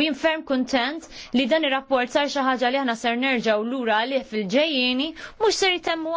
U jinferm kontent li dan ir-rapport sar xi ħaġa li aħna ser nerġgħu lura għalih fil-ġejjieni mhux ser jitemmu